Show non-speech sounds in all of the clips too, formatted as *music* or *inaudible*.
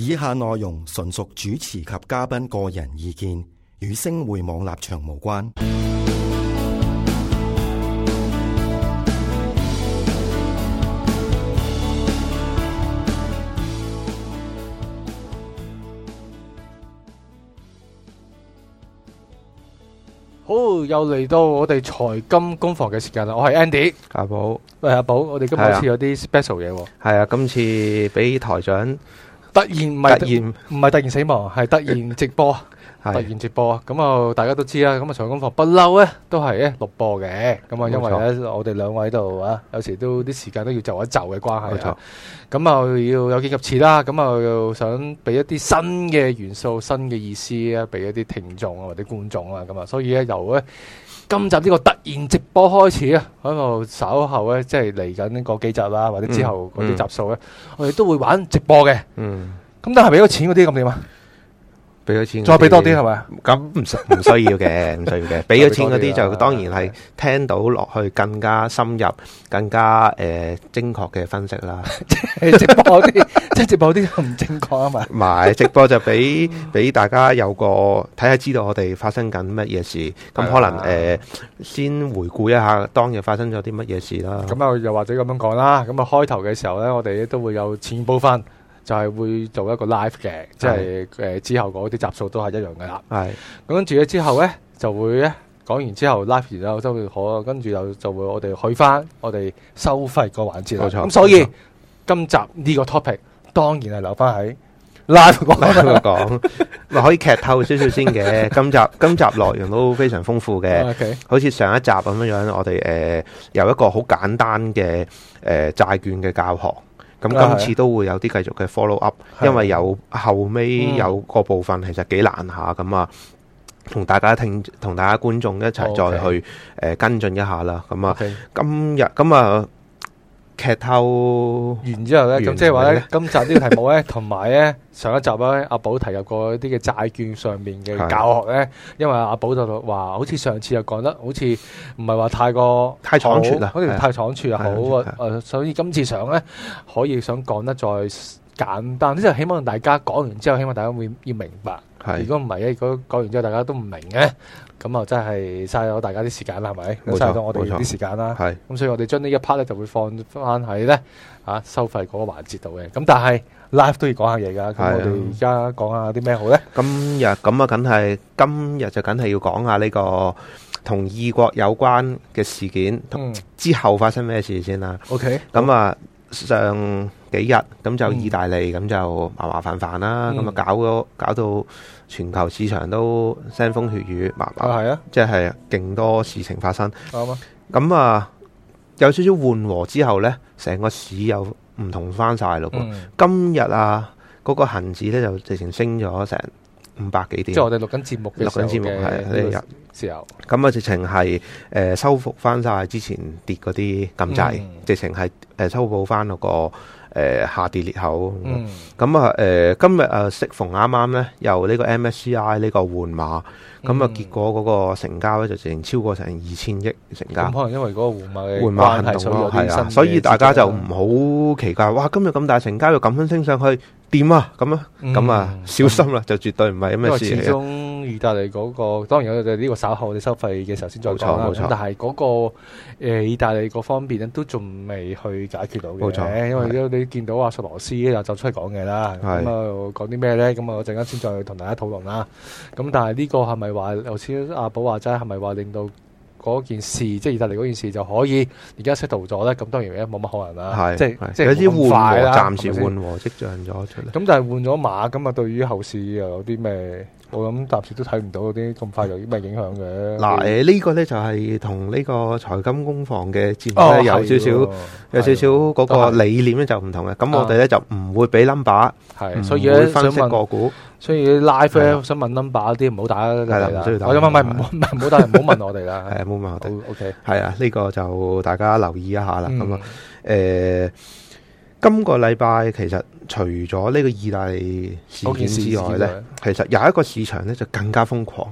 以下內容純屬主持及嘉賓個人意見，與星匯網立場無關。好，又嚟到我哋財金工房嘅時間啦。我係 Andy，阿寶，喂，阿寶，我哋今日有啲 special 嘢喎。係啊，啊，今次俾台長。突然唔係突然唔係突然死亡，係突然直播，突然直播啊！咁啊，大家都知啦。咁啊，財金工房不嬲咧，都係咧錄播嘅。咁啊，因為咧，我哋兩位喺度啊，有時都啲時間都要就一就嘅關係。冇錯。咁啊，要有幾及時啦。咁啊，又想俾一啲新嘅元素、新嘅意思啊，俾一啲聽眾啊或者觀眾啊。咁啊，所以咧由咧。今集呢個突然直播開始啊，喺度稍後咧即係嚟緊嗰幾集啦，啊，或者之後嗰啲集數咧，嗯嗯，我哋都會玩直播嘅。咁，嗯，但係俾咗錢嗰啲咁點啊？俾咗錢，再俾多啲係咪？咁唔唔需要嘅，唔 *laughs* 需要嘅。俾咗錢嗰啲就當然係聽到落去更加深入、更加，誒、呃、精確嘅分析啦。即 *laughs* 係直播啲，即 *laughs* 係直播啲唔正確啊嘛。唔係直播就俾俾大家有個睇下知道我哋發生緊乜嘢事。咁 *laughs* 可能，誒、呃、先回顧一下當日發生咗啲乜嘢事啦。咁啊，又或者咁樣講啦。咁啊，開頭嘅時候咧，我哋都會有前部分。就係、是、會做一個 live 嘅，即係誒之後嗰啲集數都係一樣噶啦。係，咁跟住之後咧，就會咧講完之後 live 完之後就會好，跟住又就會我哋去翻我哋收費個環節。冇錯。咁所以今集呢個 topic 當然係留翻喺 live 講嚟講，可以劇透少少先嘅。今集 live *laughs* live 個 *laughs* 點點 *laughs* 今集內容都非常豐富嘅，okay. 好似上一集咁樣樣，我哋誒、呃、有一個好簡單嘅誒債券嘅教學。咁今次都會有啲繼續嘅 follow up，因為有後尾有個部分，其實幾難下咁啊，同大家聽，同大家觀眾一齊再去誒、okay. 呃、跟進一下啦。咁啊，okay. 今日咁啊。劇透完之後咧，咁即係話咧，今集呢個題目咧，同埋咧上一集咧、啊，阿寶提及過一啲嘅債券上面嘅教學咧，因為阿、啊、寶就話，好似上次又講得好似唔係話太過太倉促啦，好似太倉促又好啊，誒，所以今次想咧可以想講得再簡單，即、就、係、是、希望大家講完之後，希望大家會要明白。係，如果唔係咧，如果講完之後大家都唔明嘅，咁啊真係嘥咗大家啲時間啦，係咪？冇嘥咗我哋啲時間啦。係，咁所以我哋將呢一 part 咧就會放翻喺咧啊收費嗰個環節度嘅。咁但係 live 都要講下嘢噶。咁我哋而家講下啲咩好咧？今日咁啊，梗係今日就梗係要講下呢個同意國有關嘅事件，之後發生咩事先啦。嗯，OK，咁啊。上幾日咁就意大利咁、嗯、就麻麻煩煩啦，咁、嗯、啊搞咗搞到全球市場都腥風血雨，麻麻，係、嗯、啊，即係勁多事情發生。咁啊，有少少緩和之後呢，成個市又唔同翻晒咯噃。今日啊，嗰個恆指呢，就直情升咗成五百幾點，即係我哋錄緊節目，錄緊節目係呢日時候。咁啊，直情係誒修復翻晒之前跌嗰啲禁制，直情係誒修補翻嗰個、呃、下跌裂口。咁、嗯呃、啊誒今日誒適逢啱啱咧，由呢個 MSCI 呢個換馬，咁、嗯、啊結果嗰個成交咧就直情超過成二千億成交。咁、嗯、可能因為嗰個換馬,馬行動關係上所以大家就唔好奇怪、嗯。哇！今日咁大成交，又咁樣升上去。點啊？咁啊，咁啊，小心啦，就絕對唔係有咩事。因為始終意大利嗰個，當然我哋呢個稍後你收費嘅時候先再講啦。咁但係嗰個誒意大利嗰方面咧，都仲未去解決到嘅。冇錯，因為你見到阿索羅斯又就出嚟講嘢啦。係咁啊，講啲咩咧？咁啊，我陣間先再同大家討論啦。咁但係呢個係咪話頭先阿寶話齋係咪話令到？嗰件事，即係意大利嗰件事就可以，而家 settle 咗咧，咁當然冇乜可能啦。係即係即係咁快啦，暫時緩和跡象咗出嚟。咁但係換咗馬，咁啊對於後市又有啲咩？我諗暫時都睇唔到嗰啲咁快有啲咩影響嘅。嗱，誒呢個咧就係同呢個財金工房嘅戰略有少少有少少嗰個理念咧就唔同嘅。咁我哋咧就唔會俾 number，係所以咧分析個股，所以拉飛咧想問 number 嗰啲唔好打，係啦，唔需要打。我咁啊，唔係唔好唔好打，唔好問我哋啦。係啊，冇問我哋。OK。係啊，呢個就大家留意一下啦。咁啊，誒，今個禮拜其實。除咗呢個意大利事件之外呢，其實有一個市場呢就更加瘋狂。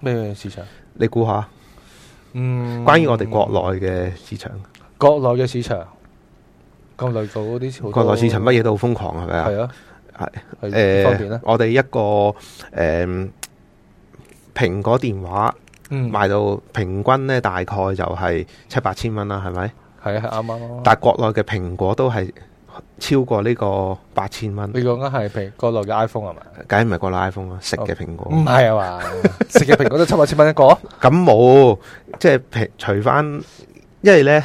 咩市場？你估下？嗯，關於我哋國內嘅市場。國內嘅市場，國內嗰啲國內市場乜嘢都好瘋狂，係咪啊？係啊，係。誒，我哋一個誒，蘋果電話，嗯，賣到平均呢大概就係七八千蚊啦，係咪？係啊，啱啱。但係國內嘅蘋果都係。超過呢個八千蚊？你講緊係國內嘅 iPhone 係嘛？梗係唔係國內 iPhone 啊？食嘅蘋果？唔係啊嘛，食嘅蘋果都七八千蚊一個。咁冇，即係除翻，因為咧，誒、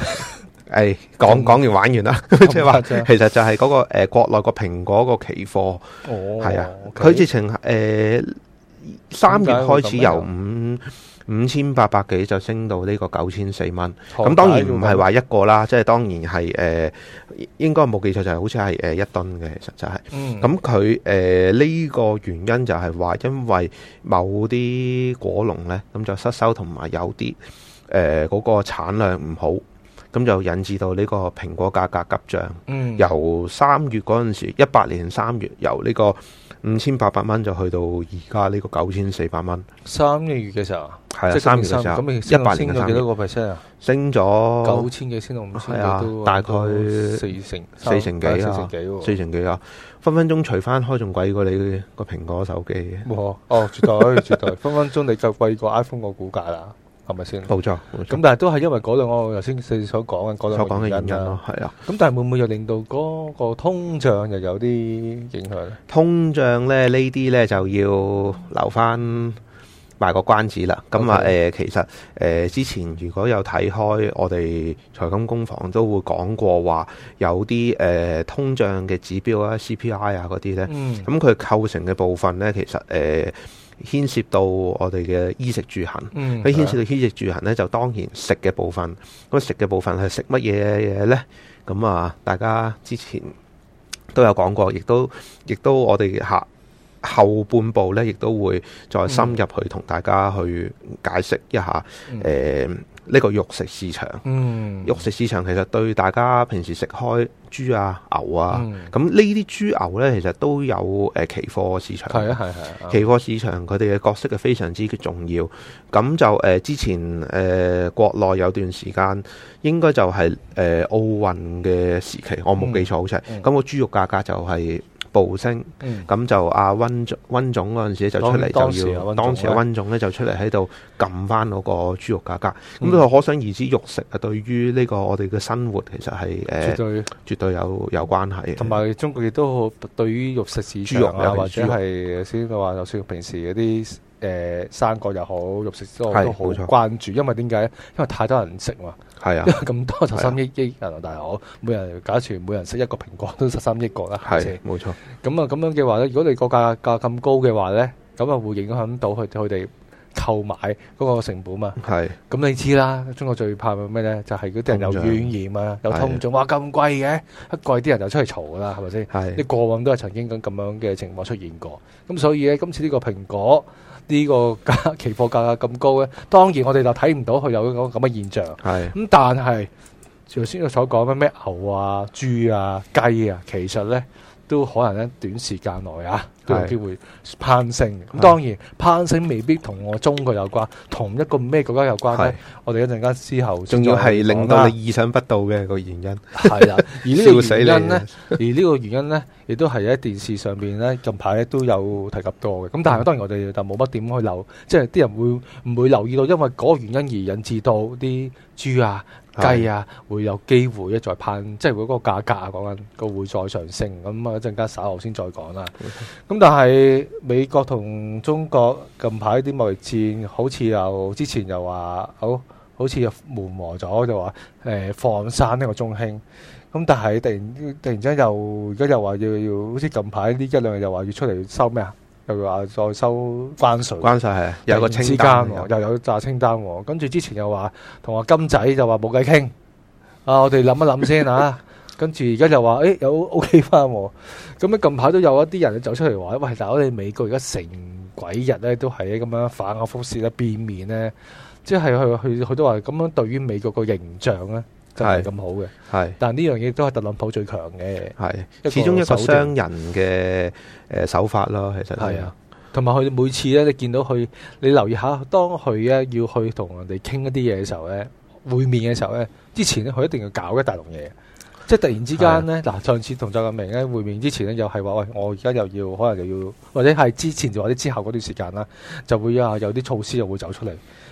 哎，講講完玩完啦，即係話，其實就係嗰、那個誒、呃，國內個蘋果個期貨，係、哦、啊，佢直情誒三月開始由五。五千八百幾就升到呢個九千四蚊，咁當然唔係話一個啦，即係當然係誒、呃，應該冇記錯就係好似係一噸嘅，其實就係。咁佢呢個原因就係話，因為某啲果農呢，咁就失收同埋有啲嗰、呃那個產量唔好，咁就引致到呢個蘋果價格急漲。嗯、由三月嗰陣時，一八年三月由呢個五千八百蚊就去到而家呢個九千四百蚊，三個月嘅時候。係啊，三年嘅時候，一八年嘅時候，升咗幾多個 percent 啊？升咗九千幾，升到五千幾都大概四成四成幾啊？四成幾喎？四成幾啊？分分鐘除翻開仲貴過你個蘋果手機嘅。哇！哦，絕對絕對，分分鐘你就貴過 iPhone 個估價啦，係咪先？冇錯，冇錯。咁但係都係因為嗰兩個頭先所講嘅嗰兩個原因咯，係啊。咁但係會唔會又令到嗰個通脹又有啲影響咧？通脹咧呢啲咧就要留翻。賣個關子啦，咁啊誒，其實誒、呃、之前如果有睇開，我哋財金工房都會講過話，有啲誒通脹嘅指標啊、CPI 啊嗰啲呢，咁、mm. 佢、嗯、構成嘅部分呢，其實誒牽、呃、涉到我哋嘅衣食住行，咁、mm. 牽涉到衣食住行呢，就當然食嘅部分，咁、嗯、食嘅部分係食乜嘢嘢呢？咁、嗯、啊，大家之前都有講過，亦都亦都我哋吓。後半部呢，亦都會再深入去同大家去解釋一下，誒、嗯，呃，呢個肉食市場，嗯，肉食市場其實對大家平時食開豬啊、牛啊，咁呢啲豬牛呢，其實都有誒、呃、期貨市場，係啊，啊，啊，期貨市場佢哋嘅角色係非常之重要。咁就誒、呃，之前誒、呃、國內有段時間，應該就係誒奧運嘅時期，我冇記錯，好、嗯、似，咁個豬肉價格就係。暴升，咁就阿溫總溫總嗰陣時就出嚟就要，當時阿溫總咧就出嚟喺度撳翻嗰個豬肉價格。咁、嗯、都可想而知，肉食啊對於呢個我哋嘅生活其實係誒絕對、呃、絕對有有關係。同埋中國亦都對於肉食市豬肉啊，或者係先話就算平時嗰啲誒生果又好，肉食好，肉食好都好關注，因為點解？因為太多人食嘛。係啊，因為咁多就十三億人啊大佬，啊、但我每人假設每人食一個蘋果都十三億個啦，係、就、冇、是、錯。咁啊咁樣嘅話咧，如果你個價格咁高嘅話咧，咁啊會影響到佢佢哋。購買嗰個成本嘛，係咁、嗯、你知啦。中國最怕咩咧？就係嗰啲人又怨言啊，又通脹仲話咁貴嘅，一貴啲人就出去嘈㗎啦，係咪先？你過往都係曾經咁咁樣嘅情況出現過。咁所以咧，今次呢個蘋果呢、呢個 *laughs* 期貨價格咁高咧，當然我哋就睇唔到佢有嗰咁嘅現象。咁，但係頭先我所講嘅咩牛啊、豬啊、雞啊，其實咧。都可能喺短時間內啊，都有機會攀升嘅。咁當然攀升未必同我中國有關，同一個咩國家有關呢？我哋一陣間之後仲要係令到你意想不到嘅個原因，係啦。而呢個原因呢，而呢個原因呢，亦都係喺電視上邊呢近排呢都有提及到嘅。咁但係當然我哋就冇乜點去留，即係啲人會唔會留意到？因為嗰個原因而引致到啲豬啊。雞啊，會有機會一再攀，即係會果個價格啊講緊，個會再上升。咁啊，一陣間稍後先再講啦。咁但係美國同中國近排啲貿易戰，好似又之前又話好好似緩和咗，就話、欸、放生呢個中興。咁但係突然突然之間又而家又話要要，好似近排呢一兩日又話要出嚟收咩啊？又話再收關稅，關稅係，有個清單喎，又有炸清單喎，跟住之前又話同阿金仔就話冇計傾，啊，我哋諗一諗先吓，跟住而家又話，誒，有 OK 翻喎，咁咧近排都有一啲人走出嚟話，喂，但係我哋美國而家成鬼日咧都係咁樣反口覆舌啦，變面咧，即係佢佢佢都話咁樣對於美國個形象咧。就係咁好嘅，係。但係呢樣嘢都係特朗普最強嘅，係。始終一個商人嘅誒手法咯，其實係啊。同埋佢每次咧，你見到佢，你留意下，當佢咧要去同人哋傾一啲嘢嘅時候咧，會面嘅時候咧，之前咧佢一定要搞一大籠嘢，即係突然之間咧，嗱、啊、上次同習近平咧會面之前咧，又係話喂，我而家又要可能又要，或者係之前或者之後嗰段時間啦，就會啊有啲措施就會走出嚟。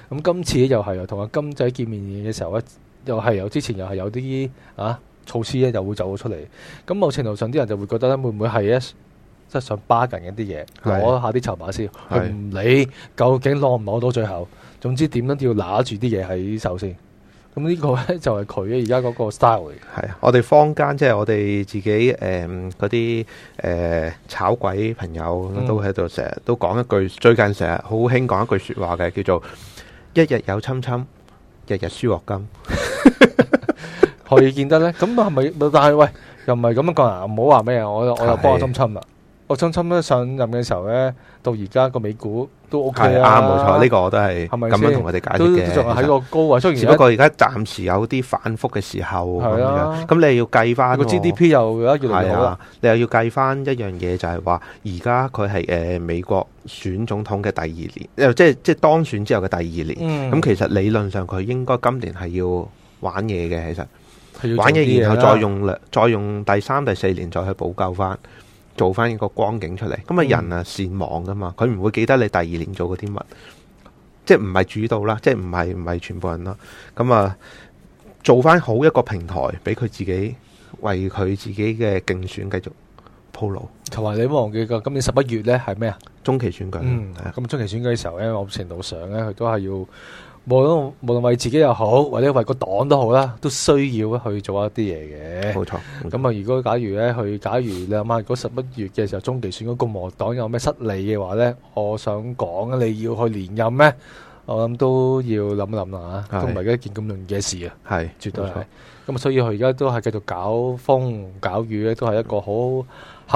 咁今次又係同阿金仔見面嘅時候咧。又係有之前又係有啲啊措施咧，又會走咗出嚟。咁某程度上啲人就會覺得會唔會係一，即係想巴緊一啲嘢攞下啲籌碼先，唔理究竟攞唔攞到最後。總之點都要拿住啲嘢喺手先。咁呢個咧就係佢而家嗰個 style。係我哋坊間即係、就是、我哋自己誒嗰啲誒炒鬼朋友都喺度成日都講一句，嗯、最近成日好興講一句說話嘅，叫做一日有侵侵。日日輸鑊金 *laughs* *laughs* *laughs* 何以見得咧？咁係咪？但係喂，又唔係咁樣講啊！唔好話咩啊！我 *laughs* 我又幫我心親啦。我親親咧上任嘅時候咧，到而家個美股都 OK 啊！冇錯，呢、這個我都係咁樣同佢哋解釋嘅。喺個高位，雖然，只不過而家暫時有啲反覆嘅時候。係啦、啊。咁你又要計翻、個 GDP 又而越嚟越好。係、啊、你又要計翻一樣嘢，就係話而家佢係誒美國選總統嘅第二年，又即即當選之後嘅第二年。嗯。咁其實理論上佢應該今年係要玩嘢嘅，其實東西玩嘢，然後再用兩、啊、再用第三、第四年再去補救翻。做翻一個光景出嚟，咁啊人啊善忘噶嘛，佢唔會記得你第二年做嗰啲乜，即係唔係主導啦，即係唔係唔係全部人啦，咁啊，做翻好一個平台，俾佢自己為佢自己嘅競選繼續鋪路。同埋你唔好忘記個今年十一月呢係咩啊？中期選舉。咁、嗯、中期選舉嘅時候呢，某程度上呢，佢都係要。無論無論為自己又好，或者為個黨都好啦，都需要去做一啲嘢嘅。冇錯，咁啊，如果假如咧，佢假如你諗下如果十一月嘅時候，中期選舉共和黨有咩失利嘅話咧，我想講你要去連任咩？我諗都要諗一諗啦吓，都唔係一件咁容易嘅事啊。係，絕對係。咁啊，所以佢而家都係繼續搞風搞雨咧，都係一個好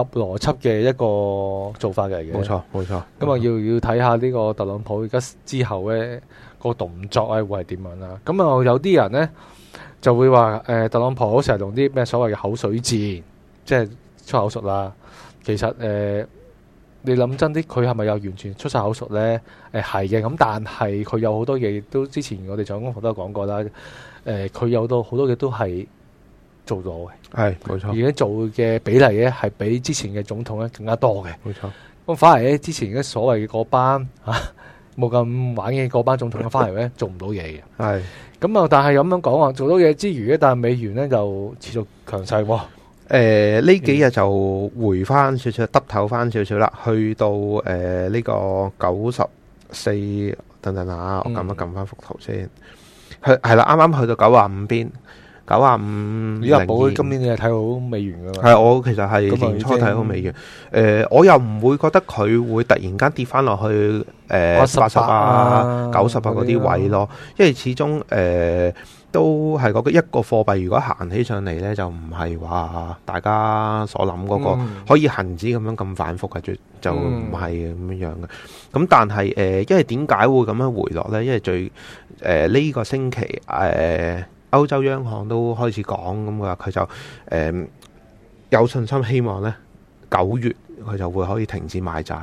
合邏輯嘅一個做法嚟嘅。冇錯，冇錯。咁啊、嗯，要要睇下呢個特朗普而家之後咧。嗰個動作啊，會係點樣啦？咁啊，有啲人呢，就會話誒、呃，特朗普成日用啲咩所謂嘅口水戰，即係出口術啦。其實誒、呃，你諗真啲，佢係咪又完全出晒口術呢？誒、呃，係嘅。咁但係佢有好多嘢都之前我哋長官傅、呃、都講過啦。誒，佢有到好多嘢都係做到嘅，係冇錯。而家做嘅比例咧，係比之前嘅總統咧更加多嘅，冇錯。咁反而咧，之前嘅所謂嘅嗰班嚇。啊冇咁玩嘅嗰班總統翻嚟咧，做唔到嘢嘅。係，咁啊，但係咁樣講話，做到嘢之餘咧，但係美元咧就持續強勢。喎、呃。呢幾日就回翻少少，耷頭翻少少啦，去到呢、呃呢個九十四等等下，我撳一撳翻幅圖先。嗯、去係啦，啱啱去到九啊五邊。九啊五，依家今年你係睇好美元嘅？係，我其實係年初睇好美元。誒、嗯呃，我又唔會覺得佢會突然間跌翻落去誒八十八、九十八嗰啲位咯。因為始終誒、呃、都係個一個貨幣，如果行起上嚟咧，就唔係話大家所諗嗰、那個、嗯、可以恒指咁樣咁反覆嘅，就就唔係咁樣樣嘅。咁、嗯、但係誒，因、呃、為點解會咁樣回落咧？因為最誒呢、呃這個星期誒。呃歐洲央行都開始講咁話，佢就誒、呃、有信心希望咧，九月佢就會可以停止買債。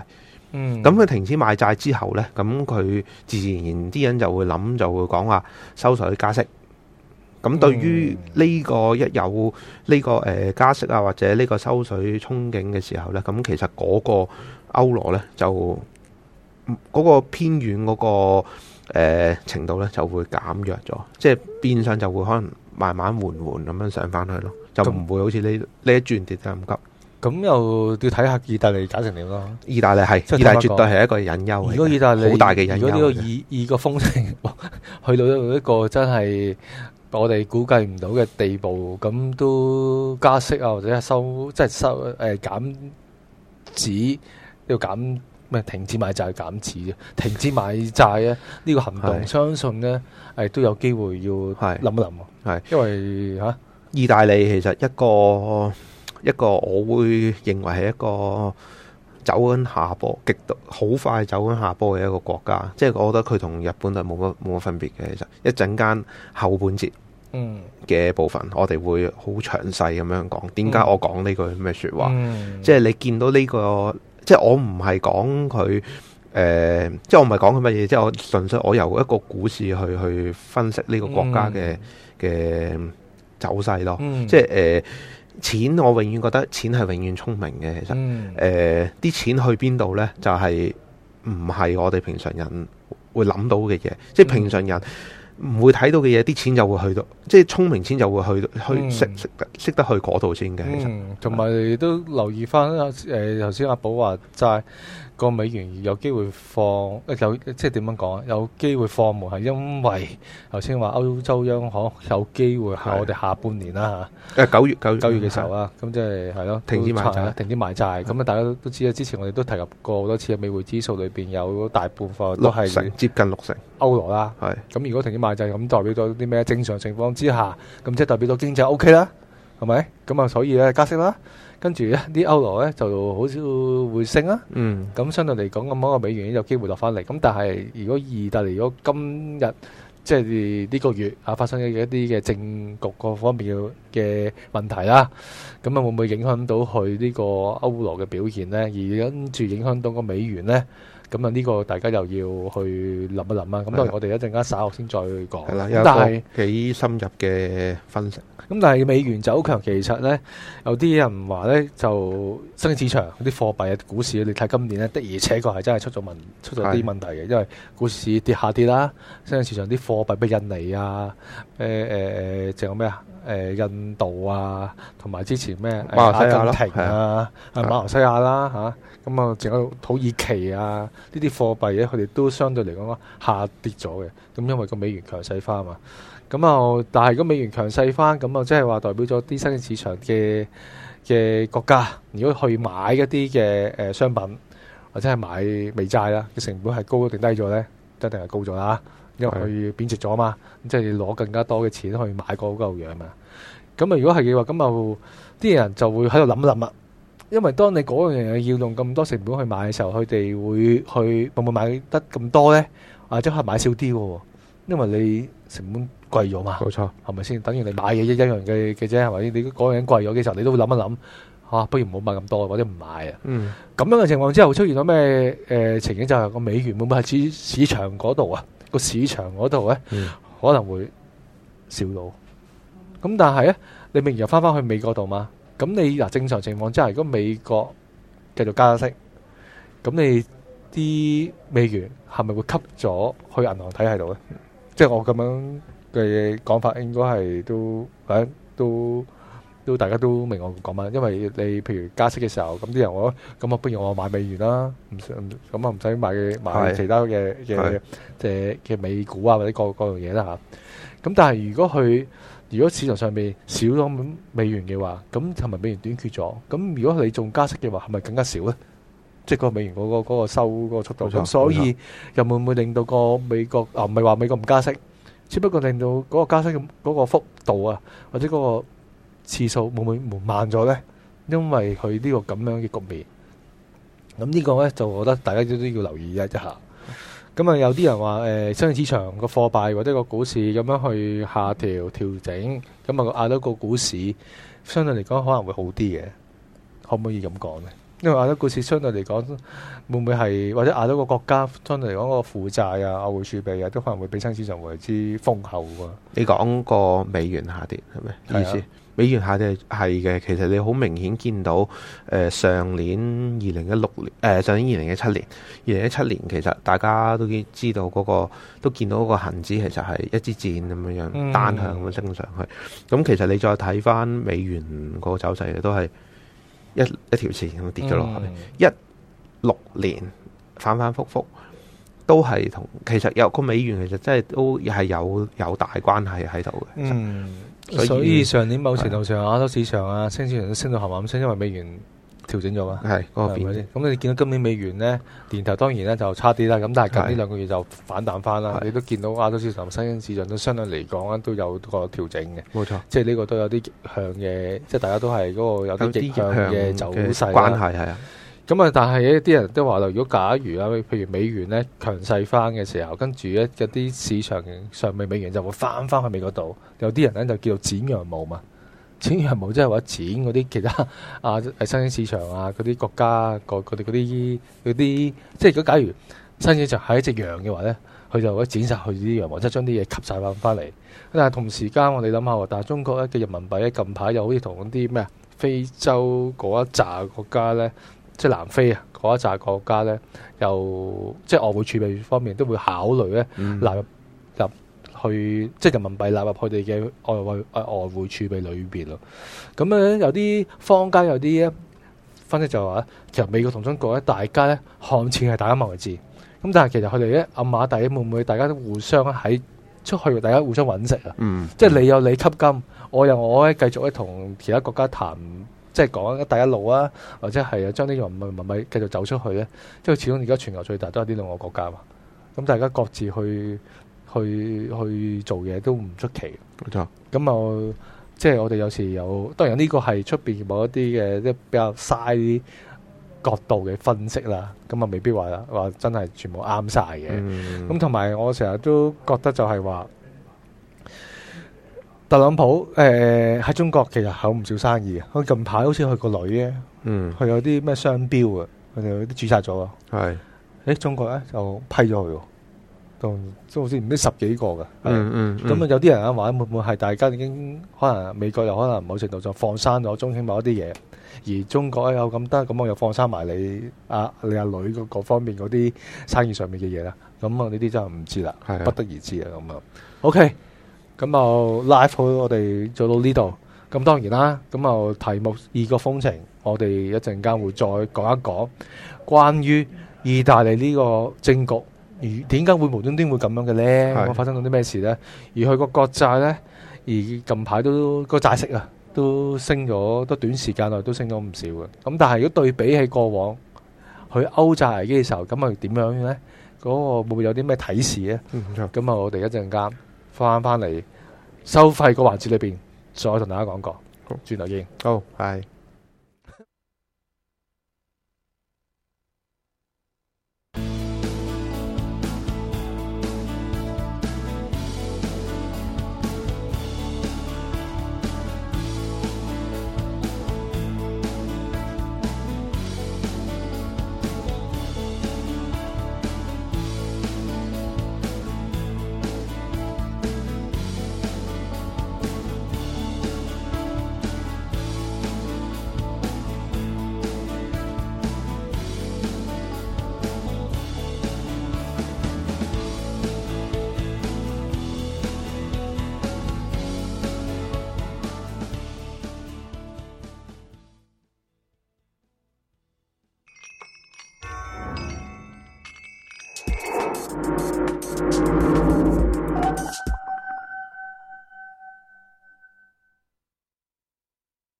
嗯，咁佢停止買債之後呢，咁佢自然啲人就會諗就會講話收水加息。咁對於呢、這個、嗯、一有呢個誒加息啊或者呢個收水憧憬嘅時候呢，咁其實嗰個歐羅咧就嗰、那個偏遠嗰、那個。誒、呃，程度咧就會減弱咗，即係變相就會可能慢慢緩緩咁樣上翻去咯，就唔會好似呢呢一轉跌得咁急。咁又要睇下意大利搞成點咯。意大利係，意大利絕對係一個隱憂，好大嘅隱憂。如果呢個意、意國瘋情去到一個真係我哋估計唔到嘅地步，咁都加息啊，或者收即係收誒減、呃、止要減。咩停止買債減持啫？停止買債咧，呢個行動相信呢，係都有機會要諗一諗。係因為嚇意大利其實一個一個，我會認為係一個走緊下坡，極度好快走緊下坡嘅一個國家。即係我覺得佢同日本都冇乜冇乜分別嘅。其實一陣間後半節，嗯嘅部分，嗯、我哋會好詳細咁樣講點解我講呢句咩説話。即係你見到呢個。即係我唔係講佢誒，即係我唔係講佢乜嘢，即係我純粹我由一個股市去去分析呢個國家嘅嘅、嗯、走勢咯、嗯。即係誒、呃，錢我永遠覺得錢係永遠聰明嘅，其實誒，啲、嗯呃、錢去邊度咧就係唔係我哋平常人會諗到嘅嘢，即係平常人。嗯唔會睇到嘅嘢，啲錢就會去到，即係聰明錢就會去到，去識識，識得去嗰度先嘅。同、嗯、埋都留意翻啊，誒、呃，頭先阿寶話齋。個美元有機會放，有即係點樣講啊？有機會放緩係因為頭先話歐洲央行有機會喺我哋下半年啦嚇。誒，九月九月九月嘅時候啦。咁即係係咯，停止買債，停止買債咁啊，停，大家都知啦，之前我哋都提及過好多次啊，美匯指數裏面有大部分都係接近六成歐羅啦。咁，如果停止買債咁，代表咗啲咩？正常情況之下，咁即係代表咗經濟 O K 啦。係咪？咁啊，所以咧加息啦，跟住咧啲歐羅咧就好少會升啦。嗯。咁相對嚟講，咁嗰個美元有機會落翻嚟。咁但係，如果意大利如果今日即係呢個月啊發生嘅一啲嘅政局各方面嘅嘅問題啦，咁啊會唔會影響到佢呢個歐羅嘅表現咧？而跟住影響到個美元咧？咁啊呢個大家又要去諗一諗啊。咁當然我哋一陣間稍後先再講。係啦，有個幾深入嘅分析。咁但係美元走強，其實咧有啲人話咧就新市場嗰啲貨幣啊、股市你睇今年咧的而且確係真係出咗問出咗啲問題嘅，因為股市跌下跌啦，新市場啲貨幣譬如印尼啊、誒誒誒，仲、哎、有咩啊、哎？印度啊，同埋之前咩馬來西亞啦、啊，啊，馬來西亞啦咁啊，仲、啊、有土耳其啊，呢啲貨幣咧，佢哋都相對嚟講下跌咗嘅，咁因為個美元強勢返啊嘛。咁啊，但係如果美元強勢返，咁啊，即係話代表咗啲新嘅市場嘅嘅國家，如果去買一啲嘅誒商品，或者係買美債啦，嘅成本係高咗定低咗咧？一定係高咗啦，因為佢貶值咗啊嘛，咁即係攞更加多嘅錢去買嗰嚿嘢啊嘛。咁啊，如果係嘅話，咁啊，啲人就會喺度諗一諗啊。因為當你嗰樣嘢要用咁多成本去買嘅時候，佢哋會去會唔會買得咁多咧？啊，即係買少啲嘅喎。因為你成本貴咗嘛，冇錯，係咪先？等於你買嘢一一樣嘅嘅啫，係咪？你嗰樣貴咗嘅時候，你都會諗一諗，吓、啊，不如唔好買咁多，或者唔買啊。咁、嗯、樣嘅情況之下，出現咗咩誒情景就係個美元會唔會喺市場嗰度啊？個市場嗰度咧，可能會少到。咁但係咧，你明日翻翻去美國度嘛？咁你嗱正常情況之下，如果美國繼續加息，咁你啲美元係咪會吸咗去銀行體系度咧？即係我咁樣嘅講法，應該係都，誒，都都大家都明我講乜，因為你譬如加息嘅時候，咁啲人我咁啊，不如我買美元啦，唔使咁啊，唔使買買其他嘅嘅即係嘅美股啊，或者各各樣嘢啦吓。咁但係如果佢如果市場上面少咗美元嘅話，咁係咪美元短缺咗？咁如果你仲加息嘅話，係咪更加少咧？即個美元嗰個嗰個收嗰個速度咁，所以又會唔會令到個美國啊，唔係話美國唔加息，只不過令到嗰個加息嘅嗰個幅度啊，或者嗰個次數會唔會慢咗咧？因為佢呢個咁樣嘅局面，咁呢個咧就我覺得大家都都要留意一一下。咁啊，有啲人話，誒，商業市場個貨幣或者個股市咁樣去下調調整，咁啊亞洲個股市相對嚟講可能會好啲嘅，可唔可以咁講咧？因為亞洲股市相對嚟講，會唔會係或者亞洲個國家相對嚟講、那個負債啊、外匯儲備啊，都可能會比相資上為之豐厚喎。你講個美元下跌係咪、啊、意思？美元下跌係嘅，其實你好明顯見到，誒、呃、上年二零一六年，誒、呃、上年二零一七年，二零一七年其實大家都知知道嗰、那個都見到嗰個恆指其實係一支箭咁樣樣、嗯、單向咁升上去。咁其實你再睇返美元個走勢都係。一一條線咁跌咗落去，嗯、一六年反反覆覆都係同，其實有個美元其實真係都係有有大關係喺度嘅。嗯，所，所以上年某程度上亞洲、啊、市場啊，市錢都升到後晚咁升，因為美元。調整咗嘛？係，係咗先？咁你見到今年美元咧，年頭當然咧就差啲啦。咁但係近呢兩個月就反彈翻啦。你都見到亞洲市場、新興市場都相對嚟講啊都有個調整嘅。冇錯，即係呢個都有啲逆向嘅，即係大家都係嗰個有啲逆向嘅走勢啦。關係係啊。咁啊，但係一啲人都話如果假如啊，譬如美元咧強勢翻嘅時候，跟住一啲市場上未美元就會翻翻去美國度。有啲人咧就叫做剪羊毛嘛。剪羊毛，即係話剪嗰啲其他啊，喺新興市場啊，嗰啲國家，個佢哋嗰啲啲，即係如果假如新興市場係一隻羊嘅話咧，佢就會剪曬佢啲羊毛，即係將啲嘢吸晒翻翻嚟。但係同時間我哋諗下喎，但係中國咧嘅人民幣咧近排又好似同啲咩啊非洲嗰一紮國家咧，即係南非啊嗰一紮國家咧，又即係外匯儲備方面都會考慮咧納入入。嗯去即係人民幣納入佢哋嘅外匯外匯儲備裏邊咯。咁樣有啲坊間有啲分析就話，其實美國同中國咧，大家咧看似係大家望字，咁但係其實佢哋咧暗啞底會唔會大家都互相喺出去，大家互相揾食啊？嗯，即係你有你吸金，我有我咧繼續咧同其他國家談，即係講一帶一路啊，或者係將呢個人民幣繼續走出去咧。因為始終而家全球最大都係呢兩個國家嘛，咁大家各自去，去去做嘢都唔出奇，冇錯。咁啊，即係我哋有時有，當然呢個係出邊某一啲嘅，即係比較嘥啲角度嘅分析啦。咁啊，未必話話真係全部啱晒嘅。咁同埋我成日都覺得就係話，特朗普誒喺、呃、中國其實有唔少生意。咁近排好似佢個女咧，嗯，佢有啲咩商標啊，佢哋有啲註冊咗啊。係，誒中國咧就批咗佢喎。同即好似唔知十幾個㗎。咁啊、嗯嗯嗯、有啲人啊話，會唔會係大家已經可能美國又可能某程度就放生咗中興某一啲嘢，而中國有咁得，咁我又放生埋你阿，啊，你阿女嗰各方面嗰啲生意上面嘅嘢啦。咁啊呢啲真係唔知啦，不得而知啊咁啊。OK，咁就 live 好，我哋做到呢度。咁當然啦，咁就題目異國風情，我哋一陣間會再講一講關於意大利呢個政局。而點解會無端端會咁樣嘅咧？發生咗啲咩事咧？而佢個國債咧，而近排都個債息啊，都升咗，都短時間內都升咗唔少嘅。咁但係如果對比起過往佢歐債危機嘅時候，咁啊點樣咧？嗰個會唔會有啲咩提示咧？嗯，唔錯。咁啊，我哋一陣間翻翻嚟收費個環節裏邊再同大家講過。好，轉頭見。好，係。